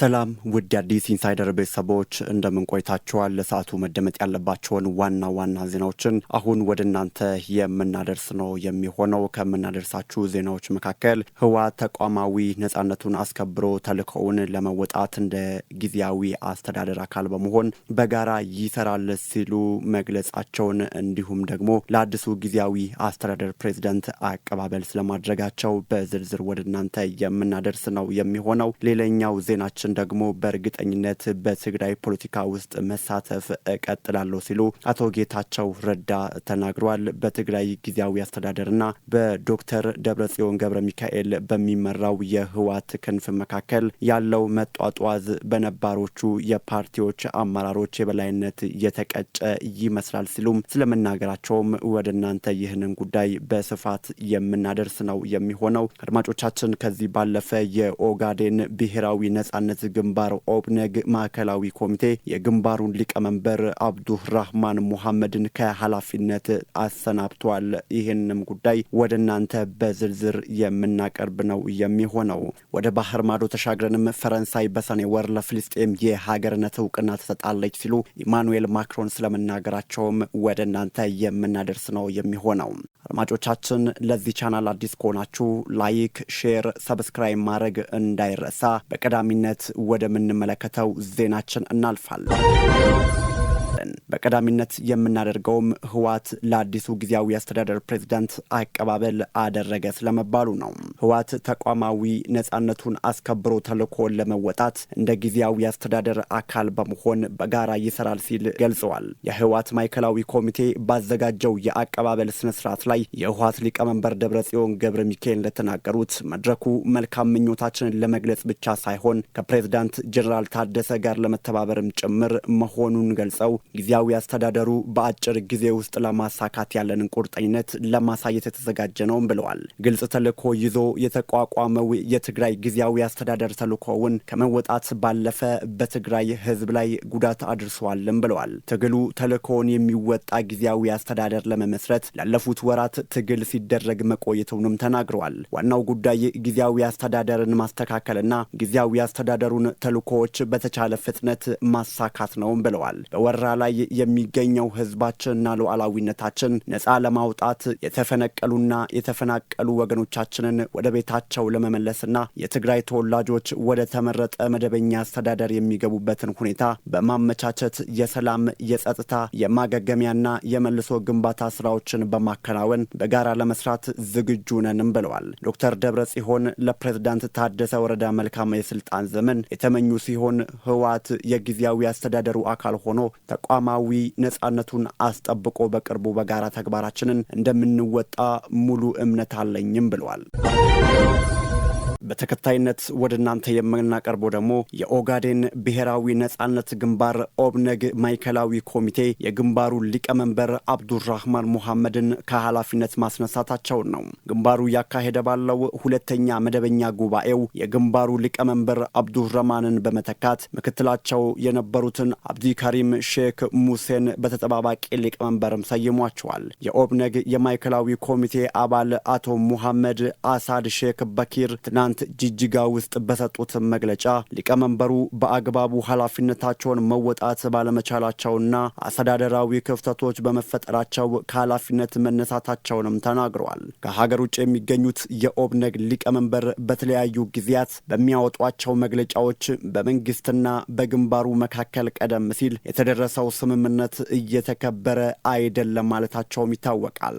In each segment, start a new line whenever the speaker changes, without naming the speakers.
ሰላም ውድ አዲስ ኢንሳይደር ቤተሰቦች እንደምን ቆይታችኋል? ለሰዓቱ መደመጥ ያለባቸውን ዋና ዋና ዜናዎችን አሁን ወደ እናንተ የምናደርስ ነው የሚሆነው። ከምናደርሳችሁ ዜናዎች መካከል ህወሓት ተቋማዊ ነጻነቱን አስከብሮ ተልእኮውን ለመወጣት እንደ ጊዜያዊ አስተዳደር አካል በመሆን በጋራ ይሰራል ሲሉ መግለጻቸውን እንዲሁም ደግሞ ለአዲሱ ጊዜያዊ አስተዳደር ፕሬዚደንት አቀባበል ስለማድረጋቸው በዝርዝር ወደ እናንተ የምናደርስ ነው የሚሆነው። ሌላኛው ዜናችን ሌሎችን ደግሞ በእርግጠኝነት በትግራይ ፖለቲካ ውስጥ መሳተፍ እቀጥላለሁ ሲሉ አቶ ጌታቸው ረዳ ተናግረዋል። በትግራይ ጊዜያዊ አስተዳደርና በዶክተር ደብረጽዮን ገብረ ሚካኤል በሚመራው የህወሓት ክንፍ መካከል ያለው መጧጧዝ በነባሮቹ የፓርቲዎች አመራሮች የበላይነት የተቀጨ ይመስላል ሲሉም ስለመናገራቸውም ወደ እናንተ ይህንን ጉዳይ በስፋት የምናደርስ ነው የሚሆነው። አድማጮቻችን ከዚህ ባለፈ የኦጋዴን ብሔራዊ ነጻነት የአንድነት ግንባር ኦብነግ ማዕከላዊ ኮሚቴ የግንባሩን ሊቀመንበር አብዱራህማን ሙሐመድን ከኃላፊነት አሰናብቷል። ይህንም ጉዳይ ወደ እናንተ በዝርዝር የምናቀርብ ነው የሚሆነው። ወደ ባህር ማዶ ተሻግረንም ፈረንሳይ በሰኔ ወር ለፍልስጤም የሀገርነት እውቅና ትሰጣለች ሲሉ ኢማኑኤል ማክሮን ስለመናገራቸውም ወደ እናንተ የምናደርስ ነው የሚሆነው። አድማጮቻችን ለዚህ ቻናል አዲስ ከሆናችሁ ላይክ፣ ሼር፣ ሰብስክራይብ ማድረግ እንዳይረሳ። በቀዳሚነት ወደምንመለከተው ዜናችን እናልፋለን። እናቀርባለን። በቀዳሚነት የምናደርገውም ህወሓት ለአዲሱ ጊዜያዊ አስተዳደር ፕሬዚዳንት አቀባበል አደረገ ስለመባሉ ነው። ህወሓት ተቋማዊ ነጻነቱን አስከብሮ ተልእኮውን ለመወጣት እንደ ጊዜያዊ አስተዳደር አካል በመሆን በጋራ ይሰራል ሲል ገልጸዋል። የህወሓት ማዕከላዊ ኮሚቴ ባዘጋጀው የአቀባበል ስነስርዓት ላይ የህወሓት ሊቀመንበር ደብረጽዮን ገብረ ሚካኤል እንደተናገሩት መድረኩ መልካም ምኞታችንን ለመግለጽ ብቻ ሳይሆን ከፕሬዝዳንት ጀኔራል ታደሰ ጋር ለመተባበርም ጭምር መሆኑን ገልጸው ጊዜያዊ አስተዳደሩ በአጭር ጊዜ ውስጥ ለማሳካት ያለንን ቁርጠኝነት ለማሳየት የተዘጋጀ ነውም ብለዋል። ግልጽ ተልዕኮ ይዞ የተቋቋመው የትግራይ ጊዜያዊ አስተዳደር ተልኮውን ከመወጣት ባለፈ በትግራይ ሕዝብ ላይ ጉዳት አድርሰዋልም ብለዋል። ትግሉ ተልዕኮውን የሚወጣ ጊዜያዊ አስተዳደር ለመመስረት ላለፉት ወራት ትግል ሲደረግ መቆየቱንም ተናግረዋል። ዋናው ጉዳይ ጊዜያዊ አስተዳደርን ማስተካከልና ጊዜያዊ አስተዳደሩን ተልኮዎች በተቻለ ፍጥነት ማሳካት ነውም ብለዋል። በወራ ላይ የሚገኘው ህዝባችንና ሉዓላዊነታችን ነፃ ለማውጣት የተፈነቀሉና የተፈናቀሉ ወገኖቻችንን ወደ ቤታቸው ለመመለስና የትግራይ ተወላጆች ወደ ተመረጠ መደበኛ አስተዳደር የሚገቡበትን ሁኔታ በማመቻቸት የሰላም፣ የጸጥታ፣ የማገገሚያና የመልሶ ግንባታ ስራዎችን በማከናወን በጋራ ለመስራት ዝግጁ ነንም ብለዋል። ዶክተር ደብረ ጽዮን ለፕሬዝዳንት ታደሰ ወረዳ መልካም የስልጣን ዘመን የተመኙ ሲሆን ህወሓት የጊዜያዊ አስተዳደሩ አካል ሆኖ ተቋማዊ ነጻነቱን አስጠብቆ በቅርቡ በጋራ ተግባራችንን እንደምንወጣ ሙሉ እምነት አለኝም ብለዋል። በተከታይነት ወደ እናንተ የምናቀርበው ደግሞ የኦጋዴን ብሔራዊ ነጻነት ግንባር ኦብነግ ማዕከላዊ ኮሚቴ የግንባሩ ሊቀመንበር አብዱራህማን ሙሐመድን ከኃላፊነት ማስነሳታቸውን ነው። ግንባሩ ያካሄደ ባለው ሁለተኛ መደበኛ ጉባኤው የግንባሩ ሊቀመንበር አብዱራህማንን በመተካት ምክትላቸው የነበሩትን አብዲካሪም ሼክ ሙሴን በተጠባባቂ ሊቀመንበርም ሰይሟቸዋል። የኦብነግ የማዕከላዊ ኮሚቴ አባል አቶ ሙሐመድ አሳድ ሼክ በኪር ትናንት ትናንት ጅጅጋ ውስጥ በሰጡት መግለጫ ሊቀመንበሩ በአግባቡ ኃላፊነታቸውን መወጣት ባለመቻላቸውና አስተዳደራዊ ክፍተቶች በመፈጠራቸው ከኃላፊነት መነሳታቸውንም ተናግረዋል። ከሀገር ውጭ የሚገኙት የኦብነግ ሊቀመንበር በተለያዩ ጊዜያት በሚያወጧቸው መግለጫዎች በመንግስትና በግንባሩ መካከል ቀደም ሲል የተደረሰው ስምምነት እየተከበረ አይደለም ማለታቸውም ይታወቃል።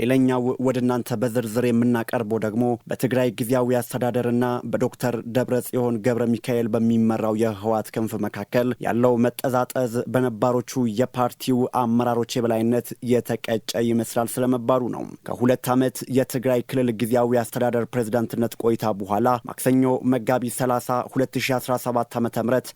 ሌላኛው ወደ እናንተ በዝርዝር የምናቀርበው ደግሞ በትግራይ ጊዜያዊ አስተዳደርና በዶክተር ደብረ ጽዮን ገብረ ሚካኤል በሚመራው የህወሓት ክንፍ መካከል ያለው መጠዛጠዝ በነባሮቹ የፓርቲው አመራሮች የበላይነት የተቀጨ ይመስላል ስለመባሉ ነው። ከሁለት ዓመት የትግራይ ክልል ጊዜያዊ አስተዳደር ፕሬዝዳንትነት ቆይታ በኋላ ማክሰኞ መጋቢት 30 2017 ዓ ም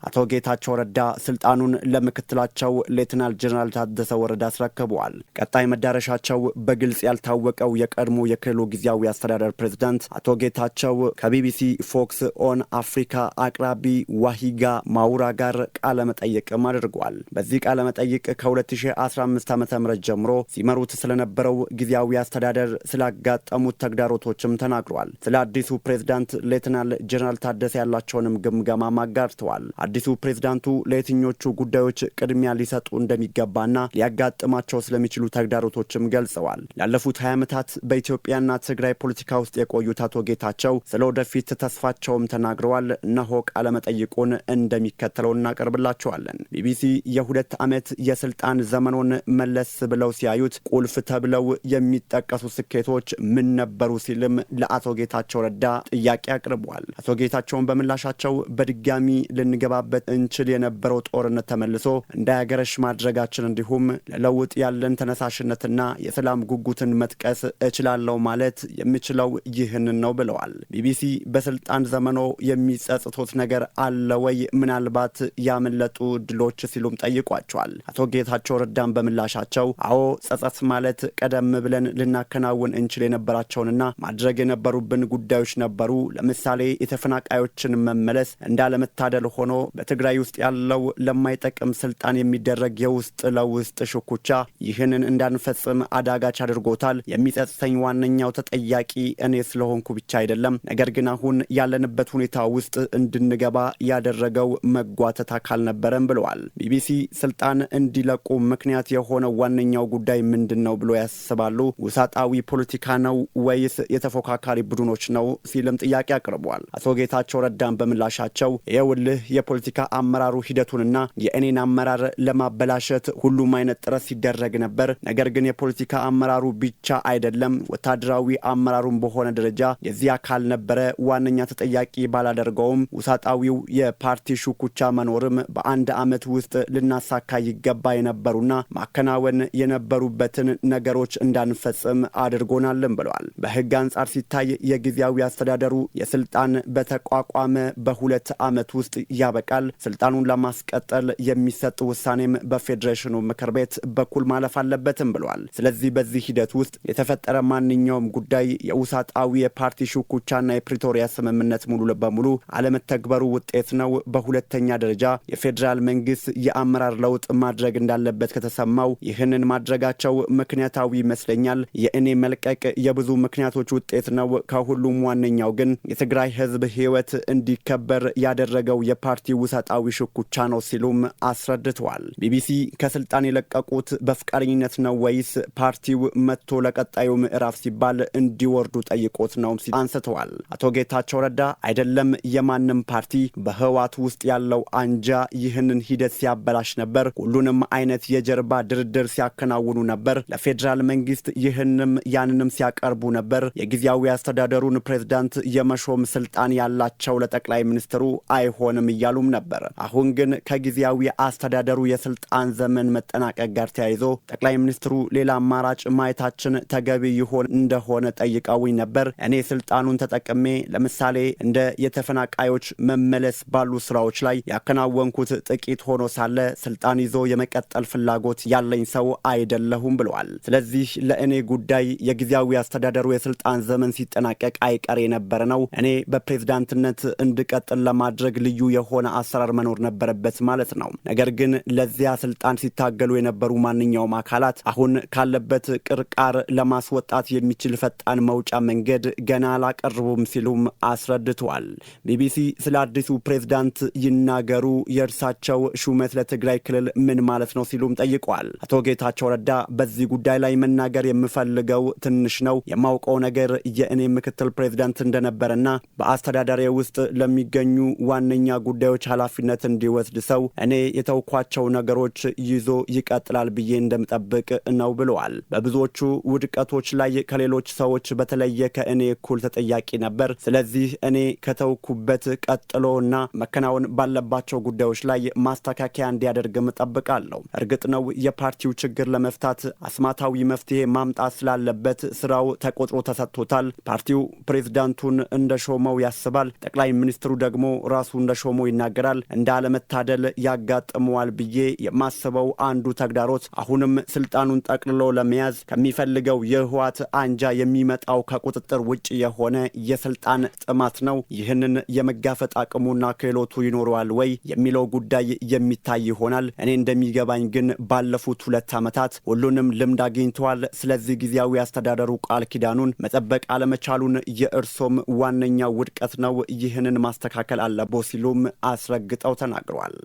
አቶ ጌታቸው ረዳ ስልጣኑን ለምክትላቸው ሌትናል ጀኔራል ታደሰ ወረዳ አስረክበዋል። ቀጣይ መዳረሻቸው በግልጽ ያልታወቀው የቀድሞ የክልሉ ጊዜያዊ አስተዳደር ፕሬዝዳንት አቶ ጌታቸው ከቢቢሲ ፎክስ ኦን አፍሪካ አቅራቢ ዋሂጋ ማውራ ጋር ቃለ መጠይቅም አድርጓል። በዚህ ቃለ መጠይቅ ከ2015 ዓ ም ጀምሮ ሲመሩት ስለነበረው ጊዜያዊ አስተዳደር ስላጋጠሙት ተግዳሮቶችም ተናግሯል። ስለ አዲሱ ፕሬዝዳንት ሌትናል ጀነራል ታደሰ ያላቸውንም ግምገማ አጋርተዋል። አዲሱ ፕሬዝዳንቱ ለየትኞቹ ጉዳዮች ቅድሚያ ሊሰጡ እንደሚገባና ሊያጋጥማቸው ስለሚችሉ ተግዳሮቶችም ገልጸዋል። ላለፉት 20 ዓመታት በኢትዮጵያና ትግራይ ፖለቲካ ውስጥ የቆዩት አቶ ጌታቸው ስለ ወደፊት ተስፋቸውም ተናግረዋል። ነሆ ቃለመጠይቁን እንደሚከተለው እናቀርብላቸዋለን። ቢቢሲ የሁለት ዓመት የስልጣን ዘመኖን መለስ ብለው ሲያዩት ቁልፍ ተብለው የሚጠቀሱ ስኬቶች ምን ነበሩ ሲልም ለአቶ ጌታቸው ረዳ ጥያቄ አቅርቧል። አቶ ጌታቸውን በምላሻቸው በድጋሚ ልንገባበት እንችል የነበረው ጦርነት ተመልሶ እንዳያገረሽ ማድረጋችን እንዲሁም ለለውጥ ያለን ተነሳሽነትና የሰላም ጉጉትን ሰዎችን መጥቀስ እችላለሁ ማለት የምችለው ይህንን ነው ብለዋል። ቢቢሲ በስልጣን ዘመኖ የሚጸጽቱት ነገር አለ ወይ ምናልባት ያመለጡ ድሎች ሲሉም ጠይቋቸዋል። አቶ ጌታቸው ረዳን በምላሻቸው አዎ ጸጸት ማለት ቀደም ብለን ልናከናውን እንችል የነበራቸውንና ማድረግ የነበሩብን ጉዳዮች ነበሩ። ለምሳሌ የተፈናቃዮችን መመለስ እንዳለመታደል ሆኖ በትግራይ ውስጥ ያለው ለማይጠቅም ስልጣን የሚደረግ የውስጥ ለውስጥ ሽኩቻ ይህንን እንዳንፈጽም አዳጋች አድርጎታል ብለውታል። የሚጸጽተኝ ዋነኛው ተጠያቂ እኔ ስለሆንኩ ብቻ አይደለም፣ ነገር ግን አሁን ያለንበት ሁኔታ ውስጥ እንድንገባ ያደረገው መጓተት አካል ነበረም ብለዋል። ቢቢሲ ስልጣን እንዲለቁ ምክንያት የሆነው ዋነኛው ጉዳይ ምንድን ነው ብሎ ያስባሉ? ውሳጣዊ ፖለቲካ ነው ወይስ የተፎካካሪ ቡድኖች ነው ሲልም ጥያቄ አቅርቧል። አቶ ጌታቸው ረዳን በምላሻቸው የውልህ የፖለቲካ አመራሩ ሂደቱንና የእኔን አመራር ለማበላሸት ሁሉም አይነት ጥረት ሲደረግ ነበር። ነገር ግን የፖለቲካ አመራሩ ቢ ብቻ አይደለም ወታደራዊ አመራሩም በሆነ ደረጃ የዚህ አካል ነበረ ዋነኛ ተጠያቂ ባላደርገውም ውሳጣዊው የፓርቲ ሹኩቻ መኖርም በአንድ ዓመት ውስጥ ልናሳካ ይገባ የነበሩና ማከናወን የነበሩበትን ነገሮች እንዳንፈጽም አድርጎናልም ብለዋል። በህግ አንጻር ሲታይ የጊዜያዊ አስተዳደሩ የስልጣን በተቋቋመ በሁለት ዓመት ውስጥ ያበቃል። ስልጣኑን ለማስቀጠል የሚሰጥ ውሳኔም በፌዴሬሽኑ ምክር ቤት በኩል ማለፍ አለበትም ብለዋል። ስለዚህ በዚህ ሂደት ውስጥ የተፈጠረ ማንኛውም ጉዳይ የውሳጣዊ የፓርቲ ሽኩቻና የፕሪቶሪያ ስምምነት ሙሉ በሙሉ አለመተግበሩ ውጤት ነው። በሁለተኛ ደረጃ የፌዴራል መንግስት የአመራር ለውጥ ማድረግ እንዳለበት ከተሰማው ይህንን ማድረጋቸው ምክንያታዊ ይመስለኛል። የእኔ መልቀቅ የብዙ ምክንያቶች ውጤት ነው። ከሁሉም ዋነኛው ግን የትግራይ ህዝብ ህይወት እንዲከበር ያደረገው የፓርቲ ውሳጣዊ ሽኩቻ ነው ሲሉም አስረድተዋል። ቢቢሲ ከስልጣን የለቀቁት በፍቃደኝነት ነው ወይስ ፓርቲው መጥቶ መንግስቱ ለቀጣዩ ምዕራፍ ሲባል እንዲወርዱ ጠይቆት ነው አንስተዋል። አቶ ጌታቸው ረዳ አይደለም የማንም ፓርቲ በህዋት ውስጥ ያለው አንጃ ይህንን ሂደት ሲያበላሽ ነበር፣ ሁሉንም አይነት የጀርባ ድርድር ሲያከናውኑ ነበር፣ ለፌዴራል መንግስት ይህንም ያንንም ሲያቀርቡ ነበር። የጊዜያዊ አስተዳደሩን ፕሬዝዳንት የመሾም ስልጣን ያላቸው ለጠቅላይ ሚኒስትሩ አይሆንም እያሉም ነበር። አሁን ግን ከጊዜያዊ አስተዳደሩ የስልጣን ዘመን መጠናቀቅ ጋር ተያይዞ ጠቅላይ ሚኒስትሩ ሌላ አማራጭ ማየታ መግለጻችን ተገቢ ይሆን እንደሆነ ጠይቀውኝ ነበር። እኔ ስልጣኑን ተጠቅሜ ለምሳሌ እንደ የተፈናቃዮች መመለስ ባሉ ስራዎች ላይ ያከናወንኩት ጥቂት ሆኖ ሳለ ስልጣን ይዞ የመቀጠል ፍላጎት ያለኝ ሰው አይደለሁም ብለዋል። ስለዚህ ለእኔ ጉዳይ የጊዜያዊ አስተዳደሩ የስልጣን ዘመን ሲጠናቀቅ አይቀር የነበረ ነው። እኔ በፕሬዝዳንትነት እንድቀጥል ለማድረግ ልዩ የሆነ አሰራር መኖር ነበረበት ማለት ነው። ነገር ግን ለዚያ ስልጣን ሲታገሉ የነበሩ ማንኛውም አካላት አሁን ካለበት ቅርቃ ቃር ለማስወጣት የሚችል ፈጣን መውጫ መንገድ ገና አላቀርቡም ሲሉም አስረድተዋል። ቢቢሲ ስለ አዲሱ ፕሬዝዳንት ይናገሩ፣ የእርሳቸው ሹመት ለትግራይ ክልል ምን ማለት ነው ሲሉም ጠይቋል። አቶ ጌታቸው ረዳ በዚህ ጉዳይ ላይ መናገር የምፈልገው ትንሽ ነው። የማውቀው ነገር የእኔ ምክትል ፕሬዝዳንት እንደነበረና በአስተዳዳሪ ውስጥ ለሚገኙ ዋነኛ ጉዳዮች ኃላፊነት እንዲወስድ ሰው እኔ የተውኳቸው ነገሮች ይዞ ይቀጥላል ብዬ እንደምጠብቅ ነው ብለዋል። በብዙዎቹ ውድቀቶች ላይ ከሌሎች ሰዎች በተለየ ከእኔ እኩል ተጠያቂ ነበር። ስለዚህ እኔ ከተውኩበት ቀጥሎና መከናወን ባለባቸው ጉዳዮች ላይ ማስተካከያ እንዲያደርግም እጠብቃለሁ። እርግጥ ነው የፓርቲው ችግር ለመፍታት አስማታዊ መፍትሄ ማምጣት ስላለበት ስራው ተቆጥሮ ተሰጥቶታል። ፓርቲው ፕሬዝዳንቱን እንደሾመው ያስባል። ጠቅላይ ሚኒስትሩ ደግሞ ራሱ እንደሾመው ይናገራል። እንደ አለመታደል ያጋጥመዋል ብዬ የማስበው አንዱ ተግዳሮት አሁንም ስልጣኑን ጠቅልሎ ለመያዝ ከሚፈ የሚፈልገው የህወሓት አንጃ የሚመጣው ከቁጥጥር ውጭ የሆነ የስልጣን ጥማት ነው። ይህንን የመጋፈጥ አቅሙና ክህሎቱ ይኖረዋል ወይ የሚለው ጉዳይ የሚታይ ይሆናል። እኔ እንደሚገባኝ ግን ባለፉት ሁለት ዓመታት ሁሉንም ልምድ አግኝተዋል። ስለዚህ ጊዜያዊ አስተዳደሩ ቃል ኪዳኑን መጠበቅ አለመቻሉን የእርሶም ዋነኛው ውድቀት ነው፣ ይህንን ማስተካከል አለቦ ሲሉም አስረግጠው ተናግሯል።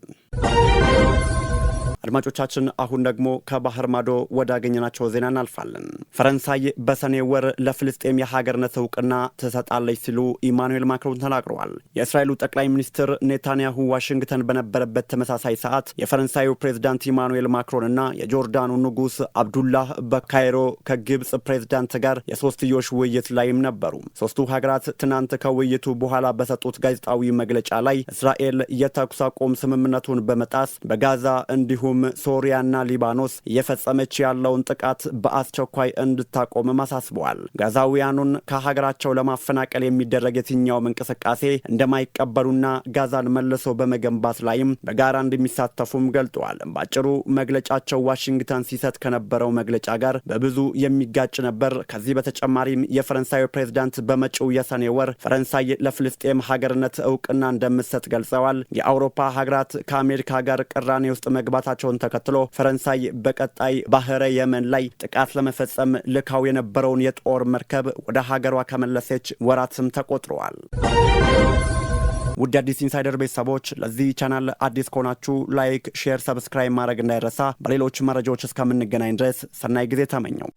አድማጮቻችን አሁን ደግሞ ከባህር ማዶ ወዳገኘናቸው ዜና እናልፋለን። ፈረንሳይ በሰኔ ወር ለፍልስጤም የሀገርነት እውቅና ትሰጣለች ሲሉ ኢማኑኤል ማክሮን ተናግረዋል። የእስራኤሉ ጠቅላይ ሚኒስትር ኔታንያሁ ዋሽንግተን በነበረበት ተመሳሳይ ሰዓት የፈረንሳዩ ፕሬዚዳንት ኢማኑኤል ማክሮን እና የጆርዳኑ ንጉሥ አብዱላህ በካይሮ ከግብፅ ፕሬዚዳንት ጋር የሶስትዮሽ ውይይት ላይም ነበሩ። ሶስቱ ሀገራት ትናንት ከውይይቱ በኋላ በሰጡት ጋዜጣዊ መግለጫ ላይ እስራኤል የተኩስ አቁም ስምምነቱን በመጣስ በጋዛ እንዲሁ እንዲሁም ሶሪያና ሊባኖስ እየፈጸመች ያለውን ጥቃት በአስቸኳይ እንድታቆምም አሳስበዋል። ጋዛውያኑን ከሀገራቸው ለማፈናቀል የሚደረግ የትኛውም እንቅስቃሴ እንደማይቀበሉና ጋዛን መልሶ በመገንባት ላይም በጋራ እንደሚሳተፉም ገልጠዋል። በአጭሩ መግለጫቸው ዋሽንግተን ሲሰጥ ከነበረው መግለጫ ጋር በብዙ የሚጋጭ ነበር። ከዚህ በተጨማሪም የፈረንሳዩ ፕሬዝዳንት በመጪው የሰኔ ወር ፈረንሳይ ለፍልስጤም ሀገርነት እውቅና እንደምትሰጥ ገልጸዋል። የአውሮፓ ሀገራት ከአሜሪካ ጋር ቅራኔ ውስጥ መግባታቸው መግባታቸውን ተከትሎ ፈረንሳይ በቀጣይ ባህረ የመን ላይ ጥቃት ለመፈጸም ልካው የነበረውን የጦር መርከብ ወደ ሀገሯ ከመለሰች ወራትም ተቆጥረዋል። ውድ አዲስ ኢንሳይደር ቤተሰቦች ለዚህ ቻናል አዲስ ከሆናችሁ ላይክ፣ ሼር፣ ሰብስክራይብ ማድረግ እንዳይረሳ። በሌሎች መረጃዎች እስከምንገናኝ ድረስ ሰናይ ጊዜ ተመኘው።